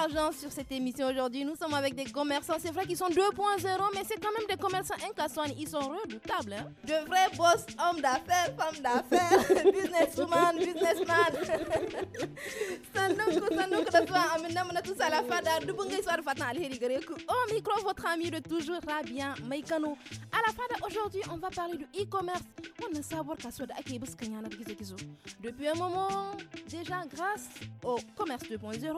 l'argent sur cette émission aujourd'hui. Nous sommes avec des commerçants, c'est vrai qu'ils sont 2.0, mais c'est quand même des commerçants incassants. Ils sont redoutables. Hein? De vrais boss, hommes d'affaires, femmes d'affaires, businesswoman, businessman. Sanouk, sanouk, toi amina, mona tous à la fada. Dubungay soir, fatan, alheri gareku. Au micro, votre ami de toujours, Rabia Maikano. À la fada, aujourd'hui, on va parler du e-commerce. On ne savoir qu'à soi d'akibus kanyana gizo gizo. Depuis un moment, déjà grâce au commerce 2.0,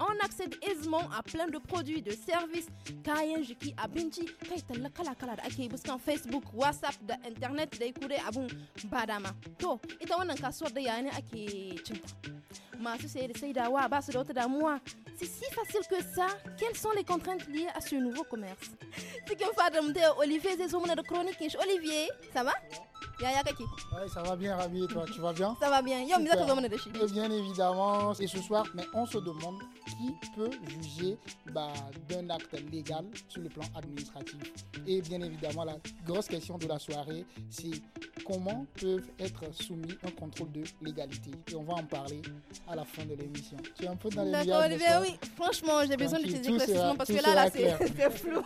on accède aisément à plein de produits, de services. Kayan jiki abinci kai la kala kala da ake buskan Facebook, WhatsApp da internet da abun Badama. To ita wannan kasuwar da a ne ake cinta. Masu sayar da saidawa ba su da wata damuwa C'est si facile que ça. Quelles sont les contraintes liées à ce nouveau commerce C'est comme Olivier, c'est Olivier, ça va Yaya Kaki. ça va bien, Ravi, et toi, tu vas bien Ça va bien. Et bien évidemment, et ce soir, mais on se demande qui peut juger bah, d'un acte légal sur le plan administratif. Et bien évidemment, la grosse question de la soirée, c'est comment peuvent être soumis un contrôle de légalité. Et on va en parler à la fin de l'émission. Tu es un peu dans les D'accord, Olivier, oui. Franchement, j'ai besoin de tes éclaircissements parce que là, là, c'est flou.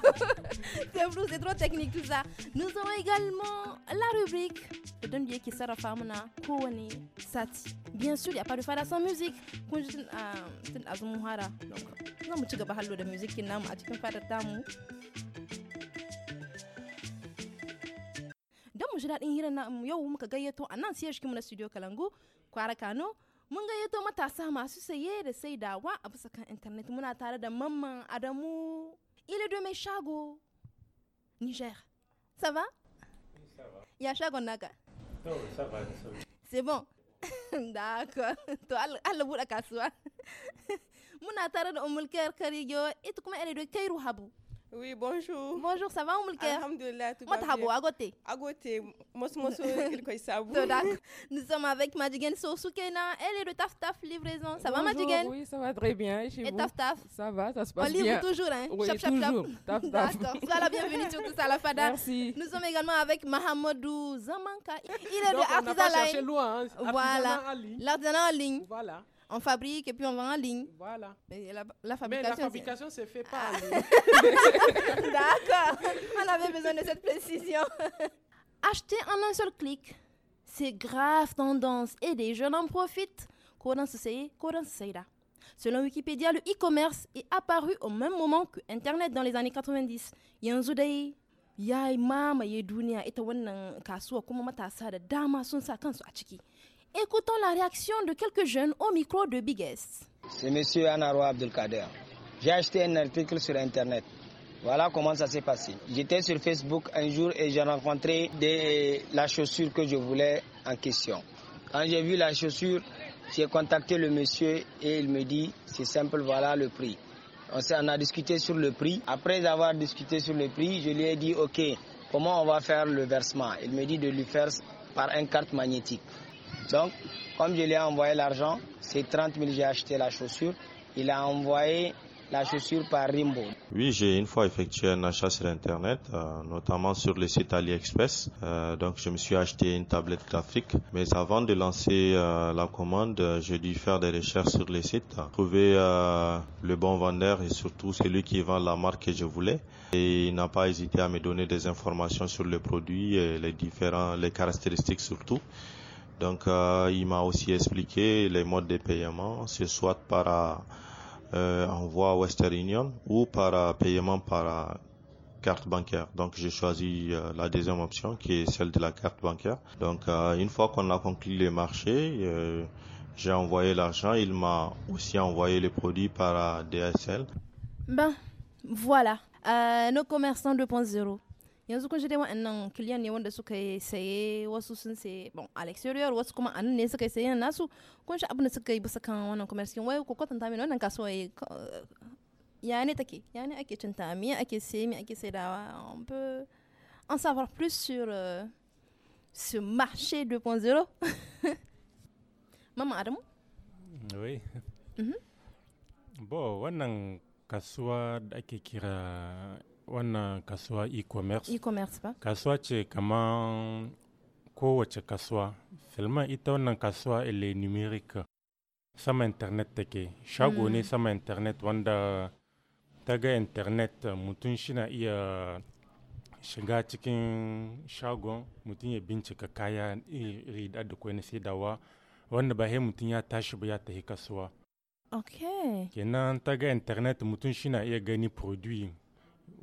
c'est flou, c'est trop technique tout ça. Nous avons également la rubrique da qui yake sarrafa muna Kouani sati bien sûr ya musique. fara san music kun a à un hara ci gaba hallo da music namu a cikin de tamu don mu na yau muka gayyato a nan studio kalangu matasa masu saye da saidawa a bisa kan muna tare da mamman adamu ile shago niger ça va ça va. Yasha Gonaka. Ça va, ça va. C'est bon. D'accord. Toi, alla bura kasuwa. Muna tare da Umul Kayar Karijo, ita kuma ere da Kairu Habu. Oui, bonjour. Bonjour, ça va, Oumulke Alhamdoulilah, tout va bien. à côté. À côté, Nous sommes avec Madjigen Sosukena, elle est de Taf Taf Livraison. Ça va, Madjigen Oui, ça va très bien. Et, vous. Taf Taf Ça va, ça se passe bien. On livre toujours, hein Oui, chap, toujours. Chap, Taf Taf. D'accord, la bienvenue sur tout ça, la Fada. Merci. Nous sommes également avec Mahamadou Zamanka. Il est de Artisan Line. on Hein. hein. Voilà. L'artisan en ligne. Voilà on fabrique et puis on vend en ligne. Voilà. Mais la, fabrication, se fait pas. Ah. D'accord. On avait besoin de cette précision. Acheter en un seul clic, c'est grave tendance et les jeunes en profitent. Selon Wikipédia, le e-commerce est apparu au même moment que Internet dans les années 90. ya da dama sun sa kansu a Écoutons la réaction de quelques jeunes au micro de Biggest. C'est monsieur Anarwa Abdelkader. J'ai acheté un article sur Internet. Voilà comment ça s'est passé. J'étais sur Facebook un jour et j'ai rencontré des, la chaussure que je voulais en question. Quand j'ai vu la chaussure, j'ai contacté le monsieur et il me dit c'est simple, voilà le prix. On, on a discuté sur le prix. Après avoir discuté sur le prix, je lui ai dit ok, comment on va faire le versement Il me dit de lui faire par une carte magnétique. Donc, comme je lui ai envoyé l'argent, c'est 30 000, j'ai acheté la chaussure. Il a envoyé la chaussure par Rimbo. Oui, j'ai une fois effectué un achat sur Internet, euh, notamment sur le site AliExpress. Euh, donc, je me suis acheté une tablette graphique. Mais avant de lancer euh, la commande, j'ai dû faire des recherches sur le site, trouver le bon vendeur et surtout celui qui vend la marque que je voulais. Et il n'a pas hésité à me donner des informations sur le produit et les différents, les caractéristiques surtout. Donc, euh, il m'a aussi expliqué les modes de paiement, c'est soit par euh, envoi Western Union ou par euh, paiement par euh, carte bancaire. Donc, j'ai choisi la deuxième option qui est celle de la carte bancaire. Donc, une fois qu'on a conclu les marchés, j'ai envoyé l'argent. Il m'a aussi envoyé les produits par DSL. Ben, voilà. nos commerçants 2.0 yanzu kun shi dai wa'annan kiliyan ne wanda suka saye wasu sun saye bon a l'exterior wasu kuma a nan ne suka saye nasu kun shi abin da suka yi bisa kan wannan commerce wai ku kwatanta mini wannan kasuwa yi ya ne take ya ne ake cinta me ake saye me ake saidawa on peut en savoir plus sur ce marché 2.0 mama Adamu oui mm bon wannan kasuwa da ake kira wannan kasuwa e-commerce e-commerce ba kasuwa ce kaman kowace kasuwa filman ita wannan kasuwa ile numeric sama internet take shago ne mm. sama internet wanda ta ga internet mutum shina iya shiga cikin shagon mutum ya bincika kaya iri da kwai na saidawa wanda ba he mutum ya tashi ba ya tafi kasuwa okay kenan ta ga internet mutum shina iya gani produit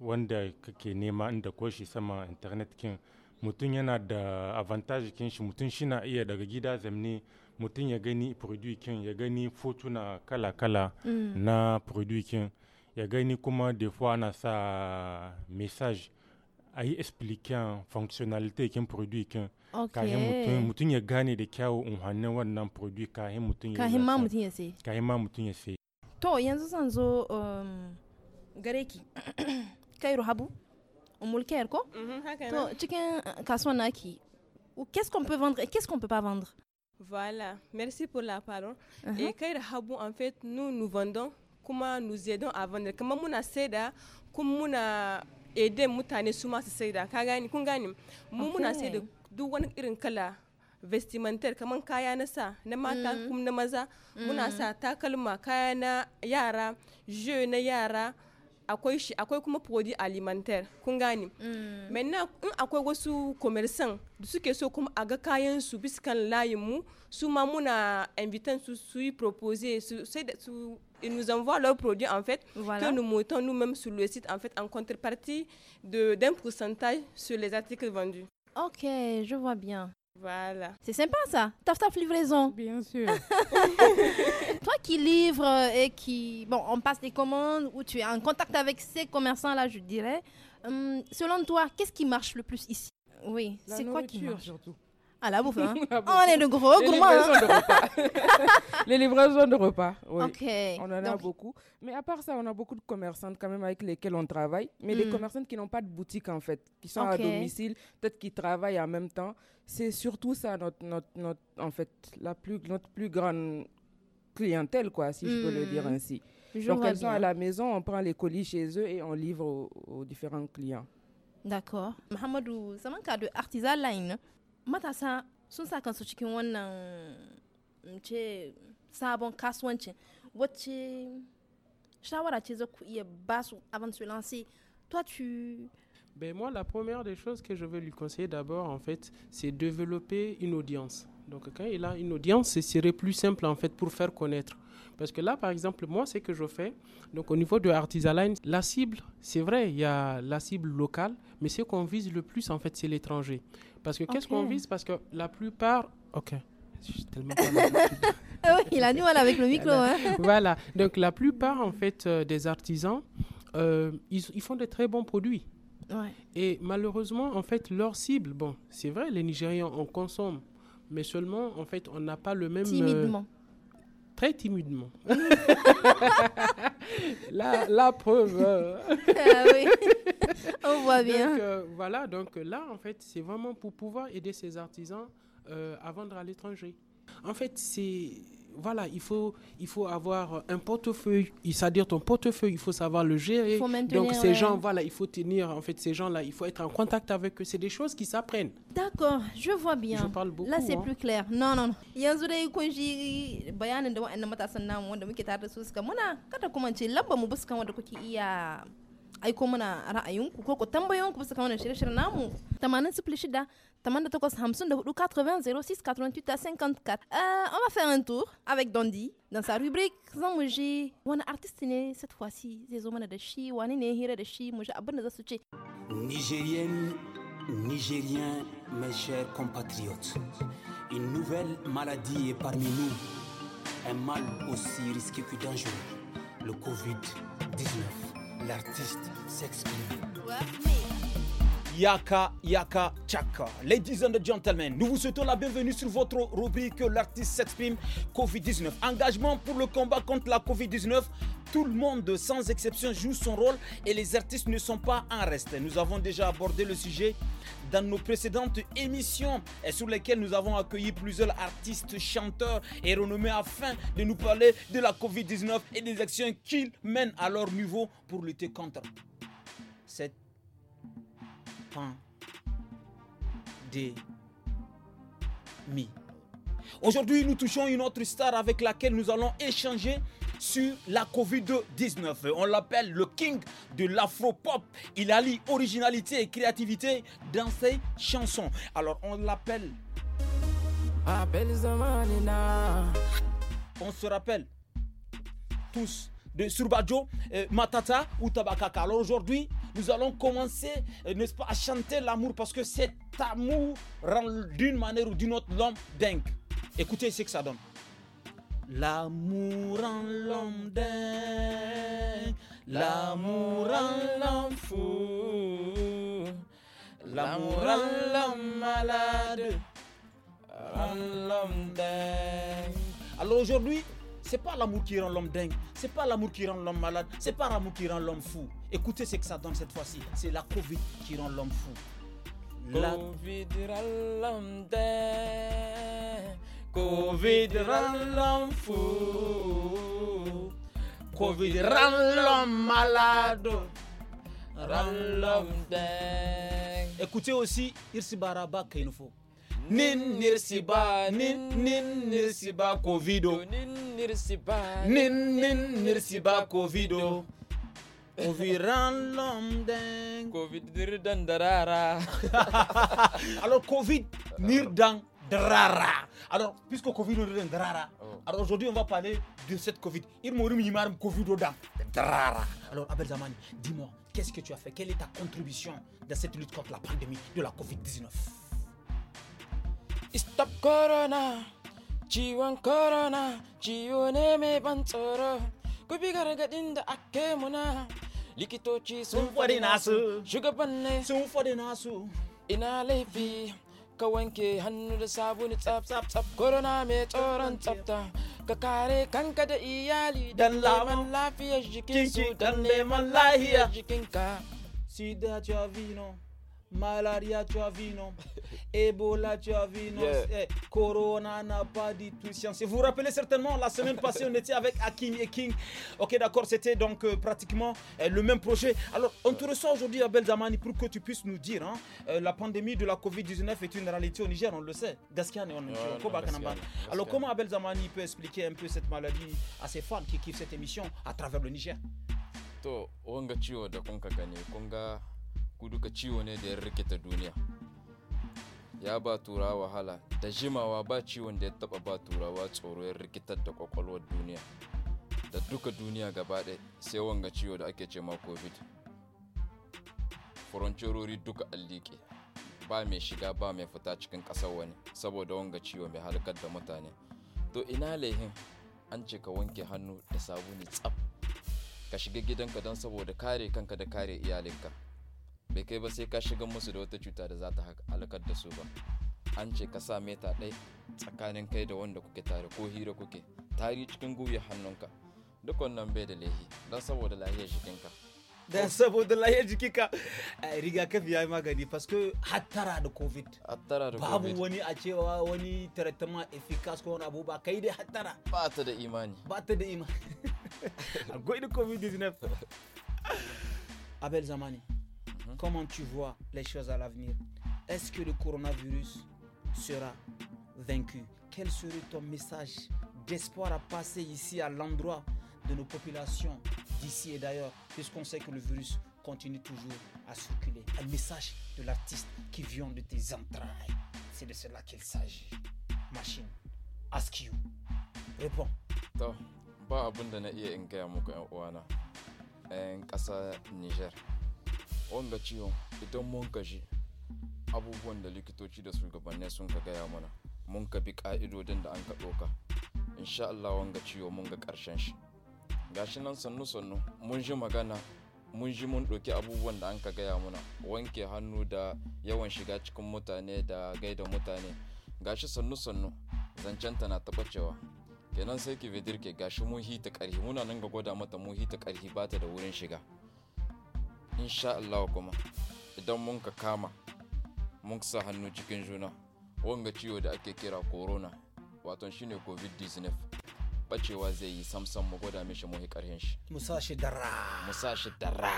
wanda kake nema inda ko sama internet kin mutum yana da avantage kin shi mutum shina iya daga gida zamne mutum ya gani produit kin ya gani fotuna kala-kala mm. na produit kin ya gani kuma des fois ana sa message a yi expliquin functionality kin produit kin kayan mutum ya gane da kyawu unhannin wannan produit kayan mutum ya kayan ma mutum ya sai kayan ma mutum ya sai to yanzu zan zo um, gare ki kairu habu umul kair ko to cikin uh, kasuwan naki qu'est-ce qu'on peut vendre et qu'est-ce qu'on peut pas vendre voilà merci pour la parole uh -huh. et kair habu en fait nous nous vendons kuma nous aidons à vendre kamar muna saida kuma muna aider mutane suma su saida ka gani kun gani mu muna saida duk wani irin kala vestimentaire kaman kaya na sa na mata mm. kuma na maza muna mm. sa takalma kaya na yara jeu na yara à quoi akwai kuma à quoi kun gane menna mm. in akwai wasu commerçant da suke so kuma a ga kayan su biskan layin mu su ma muna invitant su su yi proposer su sai da nous envoie leurs produits en fait voilà. que nous mettons nous-mêmes sur le site en fait en contrepartie de d'un pourcentage sur les articles vendus. Ok, je vois bien. Voilà. C'est sympa ça. Taf taf livraison. Bien sûr. Toi qui livres euh, et qui. Bon, on passe des commandes ou tu es en contact avec ces commerçants-là, je dirais. Hum, selon toi, qu'est-ce qui marche le plus ici Oui, c'est quoi qui marche surtout. À la bouffe, On est de gros les gourmands. Livraisons de hein. repas. les livraisons de repas. Oui. On en a beaucoup. Mais à part ça, on a beaucoup de commerçantes quand même avec lesquelles on travaille. Mais les mm. commerçantes qui n'ont pas de boutique en fait, qui sont à domicile, peut-être qui travaillent en même temps. C'est surtout ça notre, notre, en fait, la plus, notre plus grande clientèle, quoi, si je peux le dire mm. ainsi. Donc elles sont à la maison, on prend les colis chez eux et on livre aux, différents clients. D'accord. Mahamadou, ça manque de artisan line. Hein matasa sun sa kansu cikin wannan ce sabon kasuwancin wacce shawara ce za ku iya ba su avant de se lancer toi tu ben moi la première des choses que je vais lui conseiller d'abord en fait c'est développer une audience donc quand il a une audience, ce serait plus simple en fait pour faire connaître. Parce que là, par exemple, moi, ce que je fais, donc au niveau de Artisaline, la cible, c'est vrai, il y a la cible locale, mais ce qu'on vise le plus, en fait, c'est l'étranger. Parce que qu'est-ce qu'on vise Parce que la plupart... Ok. Ah il a du mal avec le micro. Voilà. Hein. Donc la plupart, en fait, euh, des artisans, euh, ils, font des très bons produits. Et malheureusement, en fait, leur cible, bon, c'est vrai, les Nigérians, on consomme mais seulement, en fait, on n'a pas le même... Euh, timidement. très timidement. la, preuve. Hein. Ah on voit bien. Donc, euh, voilà, donc euh, là, en fait, c'est vraiment pour pouvoir aider ces artisans à vendre à l'étranger. En fait, c'est voilà, il faut, il faut avoir un portefeuille, c'est-à-dire ton portefeuille, il faut savoir le gérer. Donc ces gens, voilà, il faut tenir, en fait, ces gens-là, il faut être en contact avec eux. C'est des choses qui s'apprennent. D'accord, je vois bien. Là, c'est hein. plus clair. Non, non, non aiko muna ra'ayinku ko ku tambayoyinku bisa kan wannan shirye-shiryen namu 86 88 euh, on va faire un tour avec Dondi dans sa rubrique zan mu je wani artist cette fois-ci zai zo mana da shi wani ne hira da shi mu ji abin da ce Nigérienne Nigérien mes chers compatriotes une nouvelle maladie est parmi nous un mal aussi risqué que dangereux le Covid-19 l'artiste s'exprime. Yaka Yaka Chaka. Ladies and gentlemen, nous vous souhaitons la bienvenue sur votre rubrique L'artiste s'exprime Covid-19. Engagement pour le combat contre la Covid-19. Tout le monde, sans exception, joue son rôle et les artistes ne sont pas en reste. Nous avons déjà abordé le sujet dans nos précédentes émissions et sur lesquelles nous avons accueilli plusieurs artistes, chanteurs et renommés afin de nous parler de la Covid-19 et des actions qu'ils mènent à leur niveau pour lutter contre cette des mi. Aujourd'hui, nous touchons une autre star avec laquelle nous allons échanger sur la Covid-19. On l'appelle le king de l'afro-pop. Il allie originalité et créativité dans ses chansons. Alors, on l'appelle. On se rappelle tous de Surbajo, euh, Matata ou Tabakaka. Alors aujourd'hui, nous allons commencer, euh, n'est-ce pas, à chanter l'amour parce que cet amour rend d'une manière ou d'une autre l'homme dingue. Écoutez ce que ça donne. L'amour rend l'homme dingue, l'amour rend l'homme fou, l'amour rend l'homme malade, rend l'homme dingue. Alors aujourd'hui, c'est pas l'amour qui rend l'homme dingue, c'est pas l'amour qui rend l'homme malade, c'est pas l'amour qui rend l'homme fou. Écoutez ce que ça donne cette fois-ci, c'est la Covid qui rend l'homme fou. La... Covid rend l'homme dingue, Covid rend l'homme fou, Covid rend l'homme malade, rend l'homme dingue. Écoutez aussi Irsi Baraba faut nin NIRSIBA nin nin NIRSIBA covido nin nin nin covido Covid nirdan Alors Covid nirdan drara Alors puisque Covid nirdan drara. Oh. Alors aujourd'hui on va parler de cette Covid. Il mourut yimarim Covid odan Alors Abel Zamani, dis-moi, qu'est-ce que tu as fait Quelle est ta contribution dans cette lutte contre la pandémie de la Covid-19 stop corona ciwon corona ciwo ne mai ban tsoro ku bi gargadin da ake muna likitoci sun fadi nasu shugaban ne sun fadi nasu ina laifi ka wanke hannu da sabuni tsaf tsaf tsaf corona mai tsoron tsafta ka kare kanka da iyali dan neman lafiyar jikinsu dan neman lahiyar jikinka sida javino Malaria, tu as vu, non Ebola, tu as vu, non eh, Corona n'a pas dit tout science. Vous vous rappelez certainement, la semaine passée, on était avec Hakim et King. Ok, d'accord, c'était donc euh, pratiquement eh, le même projet. Alors, on te reçoit aujourd'hui, Abel Zamani, pour que tu puisses nous dire hein, euh, la pandémie de la Covid-19 est une réalité au Niger, on le sait. et on Alors, comment Abel Zamani peut expliquer un peu cette maladie à ses fans qui kiffent cette émission à travers le Niger ku duka ciwo ne da ya rikita duniya ya ba turawa wahala da jimawa ba ciwon da ya taba ba turawa tsoro ya rikitar da kwakwalwar duniya da duka duniya gaba ɗaya sai wanga ciwo da ake ce ma covid furancerori duka allike ba mai shiga ba mai fita cikin ƙasar wani saboda wanga ciwo mai halkar da mutane to ina laihin an ce ka wanke hannu da sabuni tsaf ka shiga gidanka don saboda kare kanka da kare iyalinka bai kai ba sai ka shiga musu da wata cuta da za ta halakar da su ba an ce ka sa meta ɗai tsakanin kai da wanda kuke tare ko hira kuke tari cikin guyar hannunka duk wannan bai da laifi don saboda lahiyar jikinka da saboda lahiyar jikinka kafi ya yi magani fasko hattara da covid hattara da covid babu wani a cewa wani taratama efikas ko wani abu ba kai dai hattara ba ta da imani ba ta da imani akwai da covid-19 abel zamani Mhm. Comment tu vois les choses à l'avenir Est-ce que le coronavirus sera vaincu Quel serait ton message d'espoir à passer ici à l'endroit de nos populations d'ici et d'ailleurs, puisqu'on sait que le virus continue toujours à circuler. Un message de l'artiste qui vient de tes entrailles. C'est de cela qu'il s'agit. Machine, ask you. Réponds. Niger. wanga ciwon idan mun gaji abubuwan da likitoci da shugabannin sun ka gaya mana mun ka bi ka'idodin da an ka ɗauka insha Allah wanga ciwo mun ga ƙarshen shi gashi nan sannu sannu mun ji magana mun ji mun ɗauki abubuwan da an ka gaya mana wanke hannu da yawan shiga cikin mutane da gaida mutane gashi sannu sannu zancen ta na taɓacewa kenan sai ki vidirke gashi mun hita ƙarhi muna nan ga gwada mata mun hita ƙarhi ba ta da wurin shiga insha Allah kuma idan mun ka kama mun sa hannu cikin juna wanga ciwo da ake kira corona wato shine covid-19 bacewa zai yi samsam mu gwada mishi muhi karhin shi musashi dara musashi dara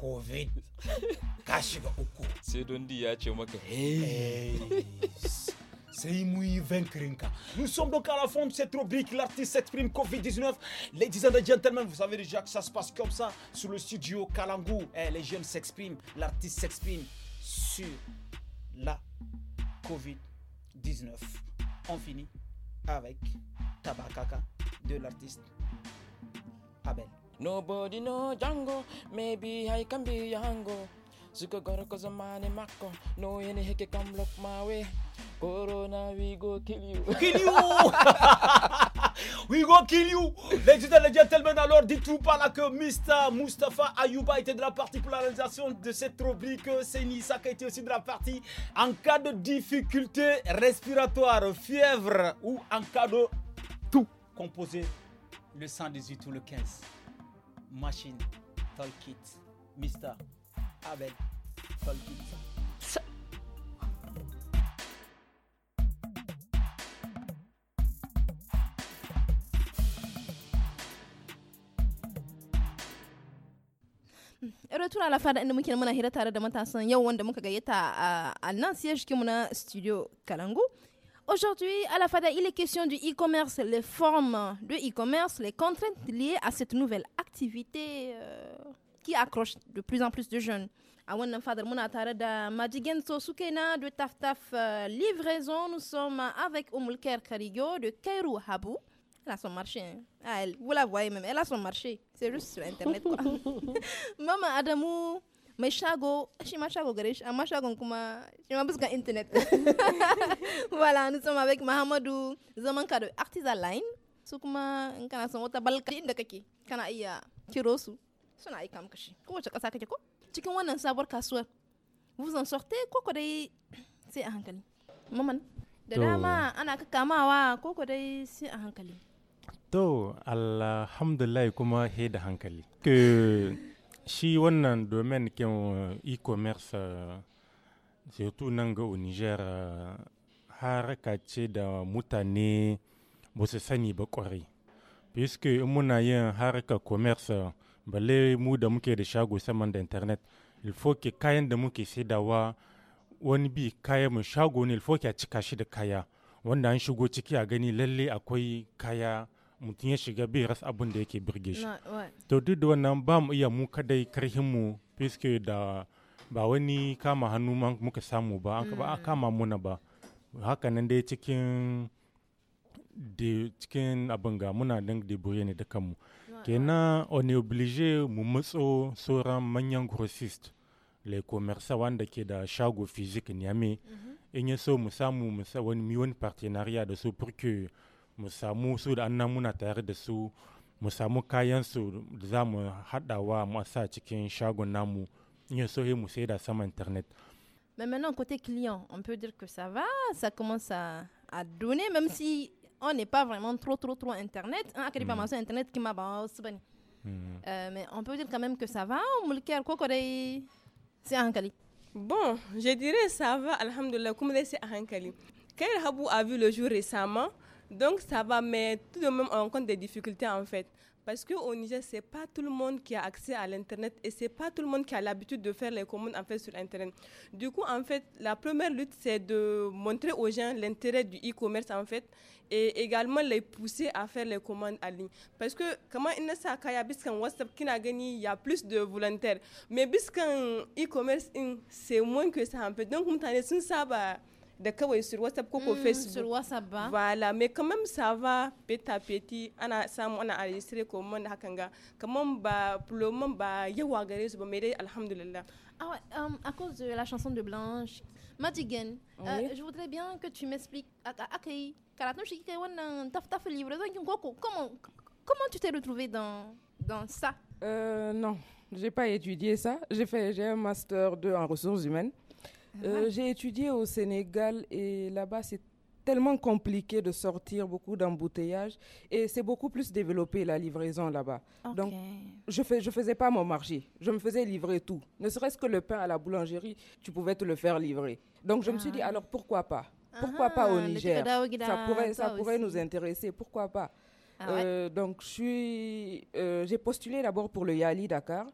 covid ka shiga uku sai dondi ya ce maka hey Nous sommes donc à la fin de cette rubrique, l'artiste s'exprime Covid-19. Ladies and gentlemen, vous savez déjà que ça se passe comme ça sur le studio Kalangu. Eh, les jeunes s'expriment, l'artiste s'exprime sur la Covid-19. On finit avec Tabakaka de l'artiste Abel. Nobody know Django, maybe I can be Django. no yene heke Corona, we go kill you. We go kill you Ladies gentlemen, alors dites-vous par là que Mr. Mustafa Ayuba était de la partie pour la réalisation de cette rubrique. C'est Nissa qui était aussi de la partie. En cas de difficulté respiratoire, fièvre ou en cas de tout, composé le 118 ou le 15. Machine, Talk kit, Mr. Abel, kit. saurara fada inda muke muna hira tare da matasan yau wanda muka gayyata a annan studio Kalangu. Aujourd'hui, à la FADA, il est question du e-commerce, les formes de e-commerce, les contraintes liées à cette nouvelle activité euh, qui accroche de plus en plus de jeunes. A Wanda fadar muna tare da Madigen de Taftaf euh, Livraison. Nous sommes avec Omulker Karigo de Kairou Habou. Elle a son marché. Hein. Ah, elle, vous la voyez même. Elle a son marché. C'est juste sur Internet. Quoi. Maman Adamou. mais shago shi machago shago gare shi amma shagon kuma shi ma internet voilà nous sommes avec Mahamadou zaman ka da artisan line su kuma in kana son kake kana iya kiro su suna aika maka shi kowace ƙasa Tu ko cikin wannan savoir kasuwar vous en sortez quoi ko c'est sai maman da dama ana kakamawa ko ko dai sai a hankali To, alhamdulillah kuma he da hankali. Ke shi wannan domin ke e-commerce surtout nan ga Niger ka ce da mutane ba su sani ba kwarai. Puisque in muna yin haraka commerce balle mu da muke da shago saman da internet, ilfoke kayan da muke saidawa wani bi kaya mu shago ne ilfoke a cika shi da kaya. Wanda an shigo ciki a gani lalle akwai kaya mutum ya shiga bai rasa abin da yake birge shi to duk da wannan ba mu iya mu kadai karhin mu fiske da ba wani kama hannu muka samu ba an ba mm. kama muna ba hakanan dai cikin de cikin abin ga muna da debrouiller ne da kanmu kena on est obligé mu matso sauran manyan grossist le commerce wanda ke da shago physique niamey mm-hmm. in ya so mu samu mu wani partenariat da su pour que mu samu su da annan muna tare da su mu samu kayan su da za mu haɗawa mu sa cikin shagon namu yin so mu sai da sama internet Mais maintenant, côté client, on peut dire que ça va, ça commence à, à donner, même si on n'est pas vraiment trop, trop, trop Internet. Hein, mm. Internet qui m'a mm. euh, mais on peut dire quand même que ça va. C'est Hankali. Bon, je dirais ça va, alhamdoulilah, comme c'est Hankali. Kair Habou a vu le jour récemment. Donc ça va, mais tout de même, en compte des difficultés en fait. Parce qu'au Niger, ce n'est pas tout le monde qui a accès à l'Internet et ce n'est pas tout le monde qui a l'habitude de faire les commandes en fait, sur Internet. Du coup, en fait, la première lutte, c'est de montrer aux gens l'intérêt du e-commerce en fait et également les pousser à faire les commandes en ligne. Parce que, comment Inessa Kayabis quand WhatsApp il y a plus de volontaires. Mais puisqu'en e-commerce, c'est moins que ça en fait. Donc, on ça, va de kawai sur whatsapp ko ko facebook sur whatsapp ba hein. voilà mais quand même ça va petit à petit ana samu ana enregistrer ko mon hakanga. ga ba plomon ba yawa gare ba alhamdulillah ah ouais, euh, à cause de la chanson de Blanche Madigan euh, oui. euh, je voudrais bien que tu m'expliques akai karatun shi kai wannan taf taf libre zan kin koko comment comment tu t'es retrouvé dans dans ça euh, non j'ai pas étudié ça j'ai fait j'ai un master 2 en ressources humaines euh, j'ai étudié au Sénégal et là-bas, c'est tellement compliqué de sortir, beaucoup d'embouteillages et c'est beaucoup plus développé la livraison là-bas. Donc je fais je faisais pas mon marché, je me faisais livrer tout. Ne serait-ce que le pain à la boulangerie, tu pouvais te le faire livrer. Donc je me suis dit ah. alors pourquoi pas Pourquoi ah, pas au Niger Ça pourrait ça pourrait nous intéresser, pourquoi pas ah euh, donc euh, j'ai postulé d'abord pour le Yali Dakar.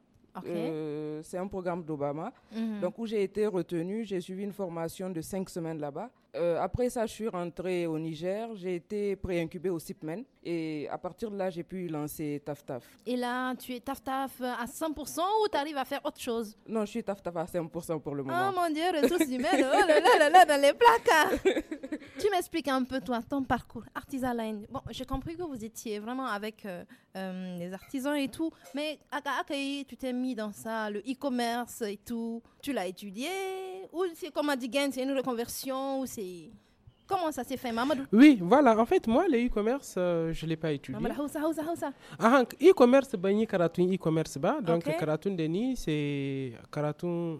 Euh, c'est un programme d'Obama. Mhm. Donc, où j'ai été retenue, j'ai suivi une formation de cinq semaines là-bas. Euh, après ça, je suis rentrée au Niger. J'ai été pré-incubée au CIPMEN. Et à partir de là, j'ai pu lancer TAFTAF. Et là, tu es TAFTAF à 100% ou tu arrives à faire autre chose Non, je suis TAFTAF à 100% pour le moment. Oh mon Dieu, ressources humaines, oh là là là là, dans les placards hein. Tu m'expliques un peu, toi, ton parcours artisanal. Bon, j'ai compris que vous étiez vraiment avec euh, euh, les artisans et tout, mais Akaakaï, tu t'es mis dans ça, le e-commerce et tout. Tu l'as étudié Ou c'est comme a dit Gain, c'est une reconversion ou c'est Comment ça s'est fait, Mamadou Oui, voilà. En fait, moi, le e-commerce, euh, je l'ai pas étudié. Ah, hein, e-commerce, bani karatun e-commerce ba. Donc, okay. karatun deni, c'est karatun,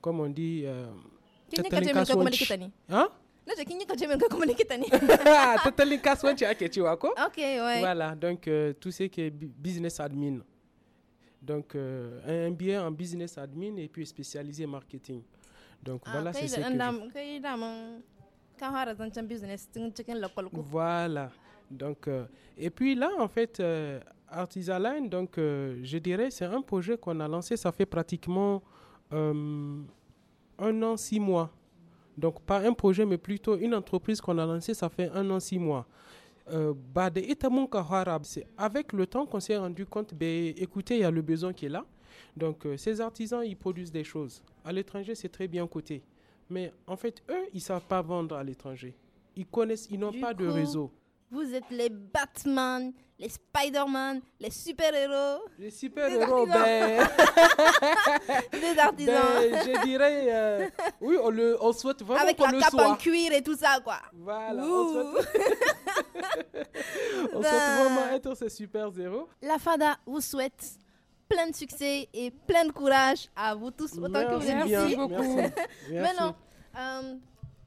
comme on dit. Euh, hein? na jikin yi kaje ga kuma likita ah, ne tattalin kasuwanci ake cewa ko ok ouais. voilà donc euh, tout ce qui est business admin donc euh, un MBA en business admin et puis spécialisé marketing donc ah, voilà c'est ce que je... Voilà. Donc, euh, et puis là, en fait, euh, Artisaline, donc, euh, je dirais, c'est un projet qu'on a lancé, ça fait pratiquement euh, un an, six mois. Donc, pas un projet, mais plutôt une entreprise qu'on a lancée, ça fait un an, six mois. c'est avec le temps qu'on s'est rendu compte, ben, écoutez, il y a le besoin qui est là. Donc, ces artisans, ils produisent des choses. À l'étranger, c'est très bien coté. Mais en fait, eux, ils ne savent pas vendre à l'étranger. Ils connaissent, ils n'ont pas de réseau. Vous êtes les Batman, les Spider-Man, les super-héros. Les super-héros, ben... les artisans. Ben, je dirais, euh, oui, on, le, on souhaite vraiment Avec la cape en cuir et tout ça, quoi. Voilà, on souhaite... souhaite ben. vraiment être ces super-héros. La Fada vous souhaite plein de succès et plein de courage à vous tous autant que vous êtes Merci beaucoup. Maintenant, euh,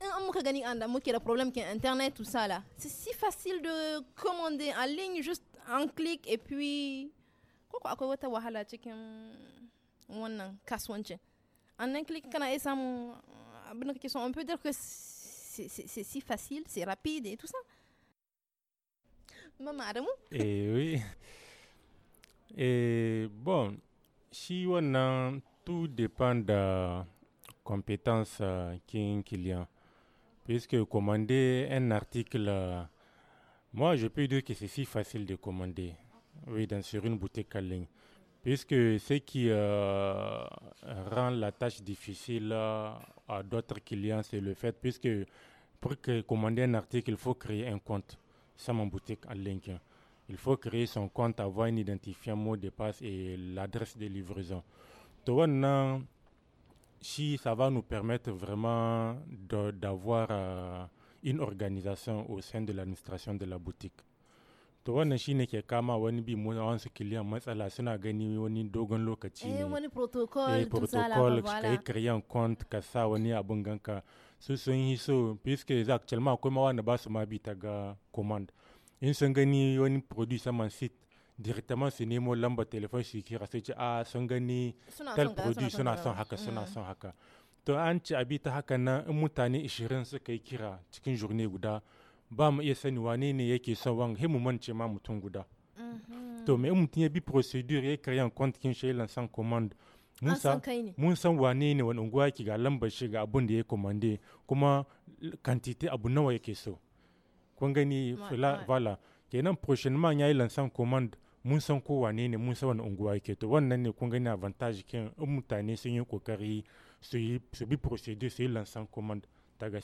le problème qui est Internet, tout ça là. C'est si facile de commander en ligne, juste un clic et puis. En un euh, on peut dire que c'est si facile, c'est rapide et tout ça. Maman eh oui. Et bon, si on a, tout dépend de compétence euh, qu'un client. Puisque commander un article, moi je peux dire que c'est si facile de commander, oui, dans, sur une boutique en ligne. Puisque ce qui euh, rend la tâche difficile euh, à, d'autres clients, c'est le fait, puisque pour commander un article, il faut créer un compte. sur mon boutique en ligne il faut créer son compte, avoir un identifiant mot de passe et l'adresse de livraison. Donc, si ça va nous permettre vraiment d'avoir euh, une organisation au sein de l'administration de la boutique. to wannan shine ke kama wani bi mu wasu kiliyan matsala suna gani wani dogon lokaci ne eh, wani protocol protocol ka yi karyan kont ka sa wani abun ganka su sun yi so fiske za ka calma akwai ma wanda ba su ma bi ta ga command in sun gani produit ça man site directement su nemo lambar telefon shi kira sai a gani tel produit son haka son haka to haka mutane 20 guda ba mu iya sani wane ne yake ma guda to me bi procedure ya kare un un kin shi commande Musa, mun san wane kuma abu kun on voilà kenan prochainement yayi lansan commande mun san ko wane ne mun san wani unguwa yake to wannan ne kun gani avantage kin in mutane sun yi kokari su yi su bi procédure su yi daga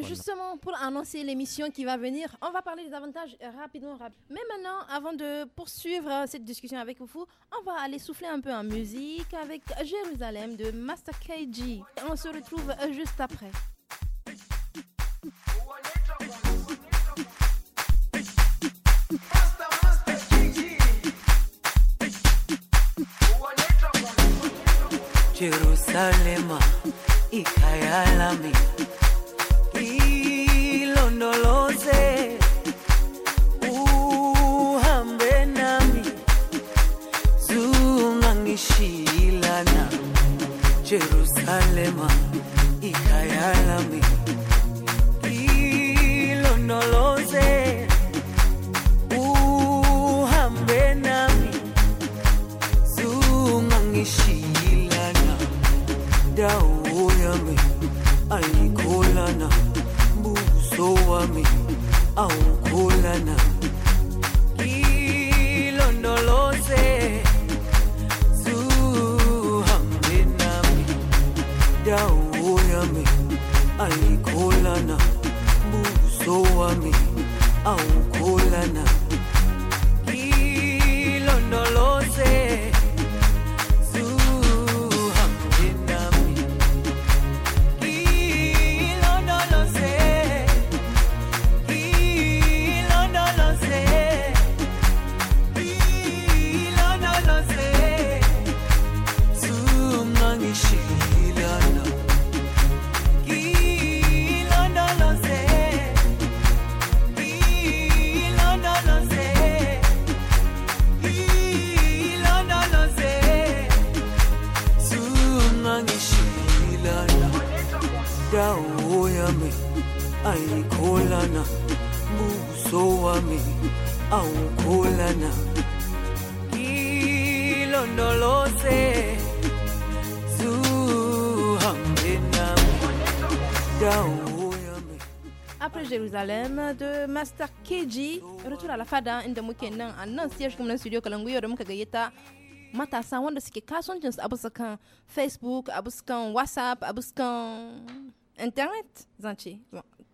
Justement, pour annoncer l'émission qui va venir, on va parler des avantages euh, rapidement. rapidement. Mais maintenant, avant de poursuivre euh, cette discussion avec vous, on va aller souffler un peu en musique avec Jérusalem de Master KG. On se retrouve euh, juste après. Jerusalema ikayalami ilondoloze uhambe nami zungangishilana Jerusalema ikayalami On me. Oh. Master KG retour à la fada inda muke nan a nan siyar kuma studio kalangu yau da muka gayyata matasa wanda suke kasuwancin su abuskan Facebook, abuskan WhatsApp, abuskan Internet zance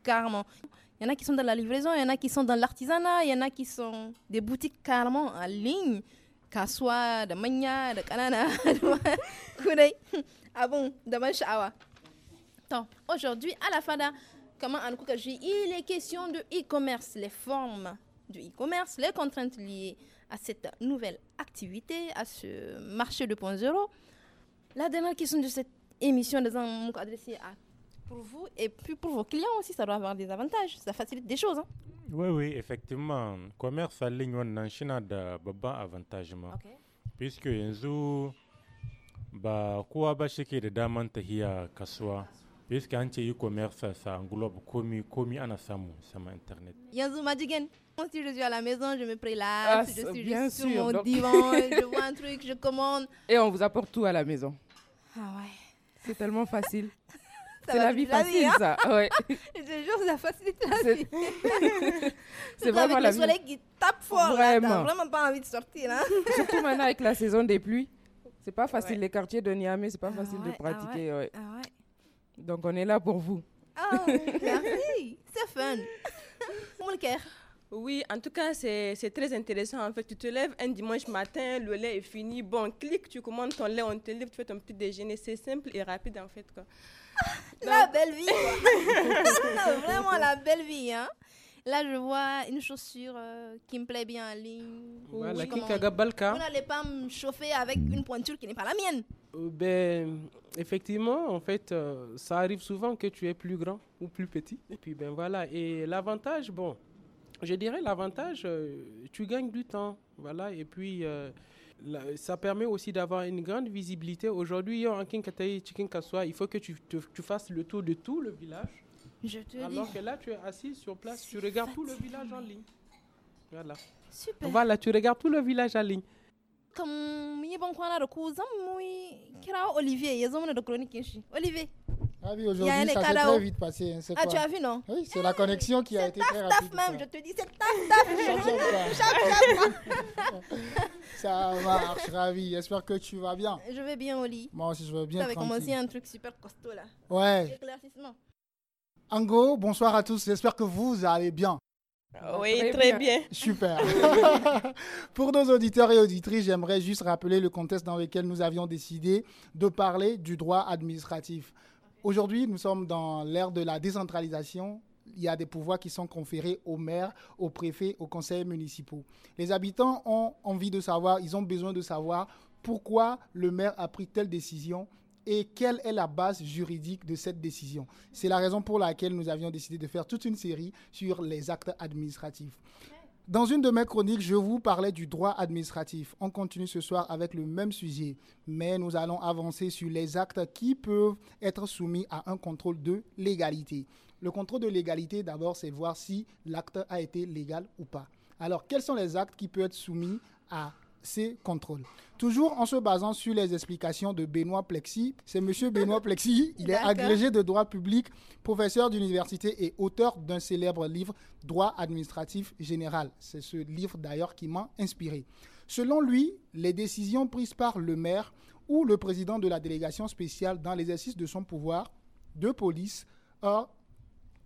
carrément. Il y en a qui sont dans la livraison, il y en a qui sont dans l'artisanat, il y en a qui sont des boutiques carrément en ligne. kasuwa da manya da kanana kudai abun da ban sha'awa. To, aujourd'hui à la fada, comment en il est question de e-commerce, les formes du e-commerce, les contraintes liées à cette nouvelle activité, à ce marché 2.0. La dernière question de cette émission, nous allons adressée à pour vous et puis pour vos clients aussi, ça doit avoir des avantages, ça facilite des choses. Hein. Oui, oui, effectivement. Commerce en ligne, on a Chine a bah, bah, avantage Okay. Puisque ba bah, qui ba des ke da tahiya Puisque an e-commerce, ça englobe commis, commis en assamu, ça internet. Yazou Madigen, si je suis à la maison, je me prélasse, ah, je suis bien juste sûr, sur mon divan, je vois un truc, je commande. Et on vous apporte tout à la maison. Ah ouais. C'est tellement facile. C'est la vie facile, hein. ça. Ah ouais. Je te jure, ça facilite la vie. C'est vraiment avec la le soleil qui tape fort. Vraiment. Là, vraiment pas envie de sortir. Hein? Surtout maintenant avec la saison des pluies. C'est pas facile. Les quartiers de Niamey, c'est pas ah facile de pratiquer. Ah ouais. Donc on est là pour vous. Oh, merci, c'est fun. Oui, en tout cas, c'est très intéressant. En fait, tu te lèves un dimanche matin, le lait est fini. Bon, clique, tu commandes ton lait, on te livre, tu fais ton petit déjeuner. C'est simple et rapide, en fait. Quoi. La belle vie. Vraiment la belle vie. Hein. Là, je vois une chaussure euh, qui me plaît bien en ligne. Voilà, oui. Kikaga Balka. On n'allez pas me chauffer avec une pointure qui n'est pas la mienne. Euh, ben, effectivement, en fait, euh, ça arrive souvent que tu es plus grand ou plus petit. Et puis, ben voilà. Et l'avantage, bon, je dirais l'avantage, euh, tu gagnes du temps. Voilà. Et puis, ça permet aussi d'avoir une grande visibilité. Aujourd'hui, en Kinkataï, Chikinkaswa, il faut que tu, fasses le tour de tout le village. Je te Alors dis. que là, tu es assis sur place, tu regardes tout le village en ligne. Voilà. Super. Voilà, tu regardes tout le village en ligne comme mu yi a ku zan mu kira Olivier il y de chronique ici. Olivier. Ah aujourd'hui, ça s'est très vite passé. Hein, ah, tu as vu, non Oui, c'est la connexion qui a été taf, très rapide. C'est taf, même, je te dis, c'est taf, taf. ça marche, ravi. J'espère que tu vas bien. Je vais bien au lit. Moi aussi, je vais bien. Tu avais commencé un truc super costaud, là. Ouais. Éclaircissement. Ango, bonsoir à tous. J'espère que vous allez bien. Ah oui, très, bien. Super. Pour nos auditeurs et auditrices, j'aimerais juste rappeler le contexte dans lequel nous avions décidé de parler du droit administratif. Aujourd'hui, nous sommes dans l'ère de la décentralisation. Il y a des pouvoirs qui sont conférés aux maires, aux préfets, aux conseils municipaux. Les habitants ont envie de savoir, ils ont besoin de savoir pourquoi le maire a pris telle décision, et quelle est la base juridique de cette décision. C'est la raison pour laquelle nous avions décidé de faire toute une série sur les actes administratifs. Dans une de mes chroniques, je vous parlais du droit administratif. On continue ce soir avec le même sujet, mais nous allons avancer sur les actes qui peuvent être soumis à un contrôle de légalité. Le contrôle de légalité, d'abord, c'est voir si l'acte a été légal ou pas. Alors, quels sont les actes qui peuvent être soumis à ses contrôles. Toujours en se basant sur les explications de Benoît Plexi, c'est monsieur Benoît Plexi, il est agrégé de droit public, professeur d'université et auteur d'un célèbre livre Droit administratif général. C'est ce livre d'ailleurs qui m'a inspiré. Selon lui, les décisions prises par le maire ou le président de la délégation spéciale dans l'exercice de son pouvoir de police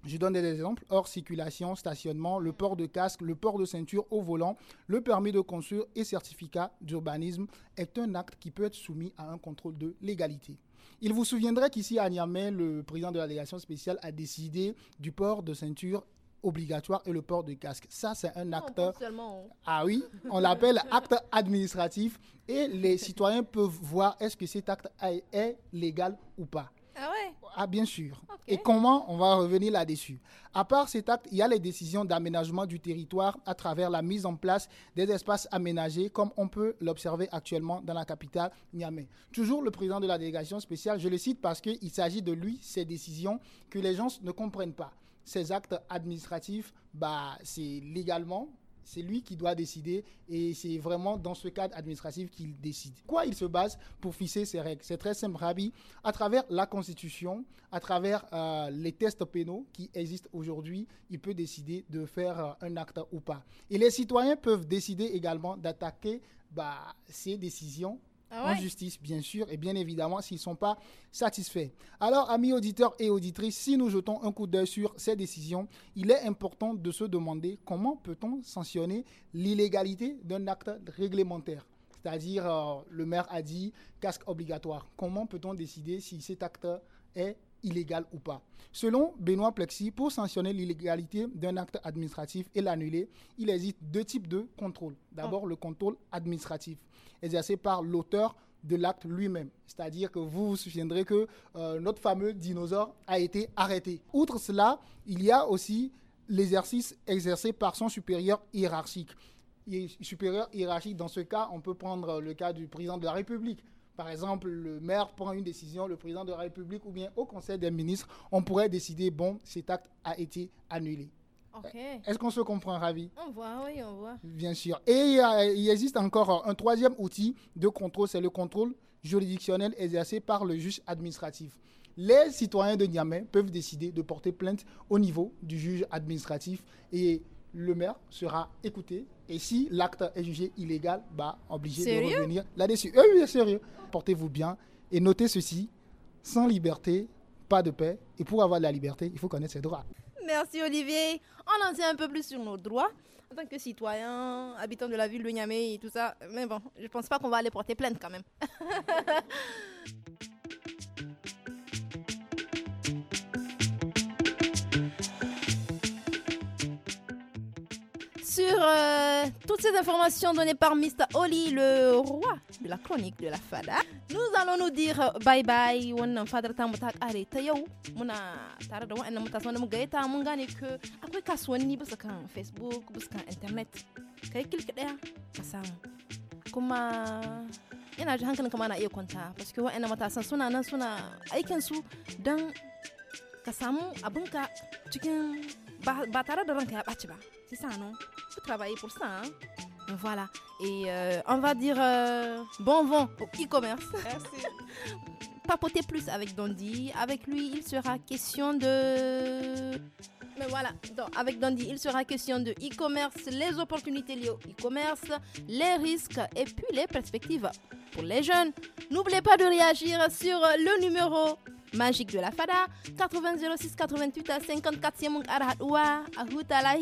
je donne des exemples, hors circulation, stationnement, le port de casque, le port de ceinture au volant, le permis de construire et certificat d'urbanisme est un acte qui peut être soumis à un contrôle de légalité. Il vous souviendrait qu'ici à Niamey, le président de la délégation spéciale a décidé du port de ceinture obligatoire et le port de casque. Ça, c'est un acte... Hein. Ah oui, on l'appelle acte administratif et les citoyens peuvent voir est-ce que cet acte est légal ou pas. Ah, ah bien sûr. Et comment on va revenir là-dessus À part cet acte, il y a les décisions d'aménagement du territoire à travers la mise en place des espaces aménagés comme on peut l'observer actuellement dans la capitale Niamey. Toujours le président de la délégation spéciale, je le cite parce qu'il s'agit de lui, ces décisions que les gens ne comprennent pas. Ces actes administratifs, bah, c'est légalement c'est lui qui doit décider et c'est vraiment dans ce cadre administratif qu'il décide. Quoi il se base pour fixer ses règles C'est très simple, Rabi. À travers la Constitution, à travers euh, les tests pénaux qui existent aujourd'hui, il peut décider de faire euh, un acte ou pas. Et les citoyens peuvent décider également d'attaquer bah, ces décisions ah en justice, bien sûr, et bien évidemment s'ils ne sont pas satisfaits. Alors, amis auditeurs et auditrices, si nous jetons un coup d'œil sur ces décisions, il est important de se demander comment peut-on sanctionner l'illégalité d'un acte réglementaire. C'est-à-dire, euh, le maire a dit casque obligatoire. Comment peut-on décider si cet acte est illégal ou pas. Selon Benoît Plexi, pour sanctionner l'illégalité d'un acte administratif et l'annuler, il existe deux types de contrôles. D'abord, ah. le contrôle administratif exercée par l'auteur de l'acte lui-même. C'est-à-dire que vous vous souviendrez que euh, notre fameux dinosaure a été arrêté. Outre cela, il y a aussi l'exercice exercé par son supérieur hiérarchique. Et supérieur hiérarchique, dans ce cas, on peut prendre le cas du président de la République. Par exemple, le maire prend une décision, le président de la République ou bien au Conseil des ministres, on pourrait décider, bon, cet acte a été annulé. Est-ce qu'on se comprend, Ravi On voit, oui, on voit. Bien sûr. Et il, existe encore euh, un troisième outil de contrôle, c'est le contrôle juridictionnel exercé par le juge administratif. Les citoyens de Niamey peuvent décider de porter plainte au niveau du juge administratif et le maire sera écouté. Et si l'acte est jugé illégal, bah, obligé de revenir là-dessus. Eh oui, sérieux. Portez-vous bien et notez ceci. Sans liberté, pas de paix. Et pour avoir la liberté, il faut connaître ses droits. Merci Olivier. On en sait un peu plus sur nos droits en tant que citoyens, habitants de la ville de Niamey et tout ça. Mais bon, je pense pas qu'on va aller porter plainte quand même. sur euh, toutes ces informations données par Mr. Oli, le roi de la chronique de la fada. Nous allons nous dire bye bye. Wannan fadar ta muta kare ta yau muna tare da wa'annan matasan da mu gayyata mun gane ke akwai kasuwanni bisa kan Facebook, bisa internet. Kai kilki daya ka samu. Kuma ina ji hankalin kama na iya kwanta parce que wa'annan matasan suna nan suna aikin su don ka samu abinka cikin ba tare da ranka ya ɓaci ba. Sai sa travailler pour ça. Hein. Voilà. Et euh, on va dire euh, bon vent au e-commerce. Merci. plus avec Dandy. Avec lui, il sera question de. Mais voilà, donc avec Dandy, il sera question de e-commerce, les opportunités liées au e-commerce, les risques et puis les perspectives pour les jeunes. N'oubliez pas de réagir sur le numéro magique de la fada 80 06 88 54 a huta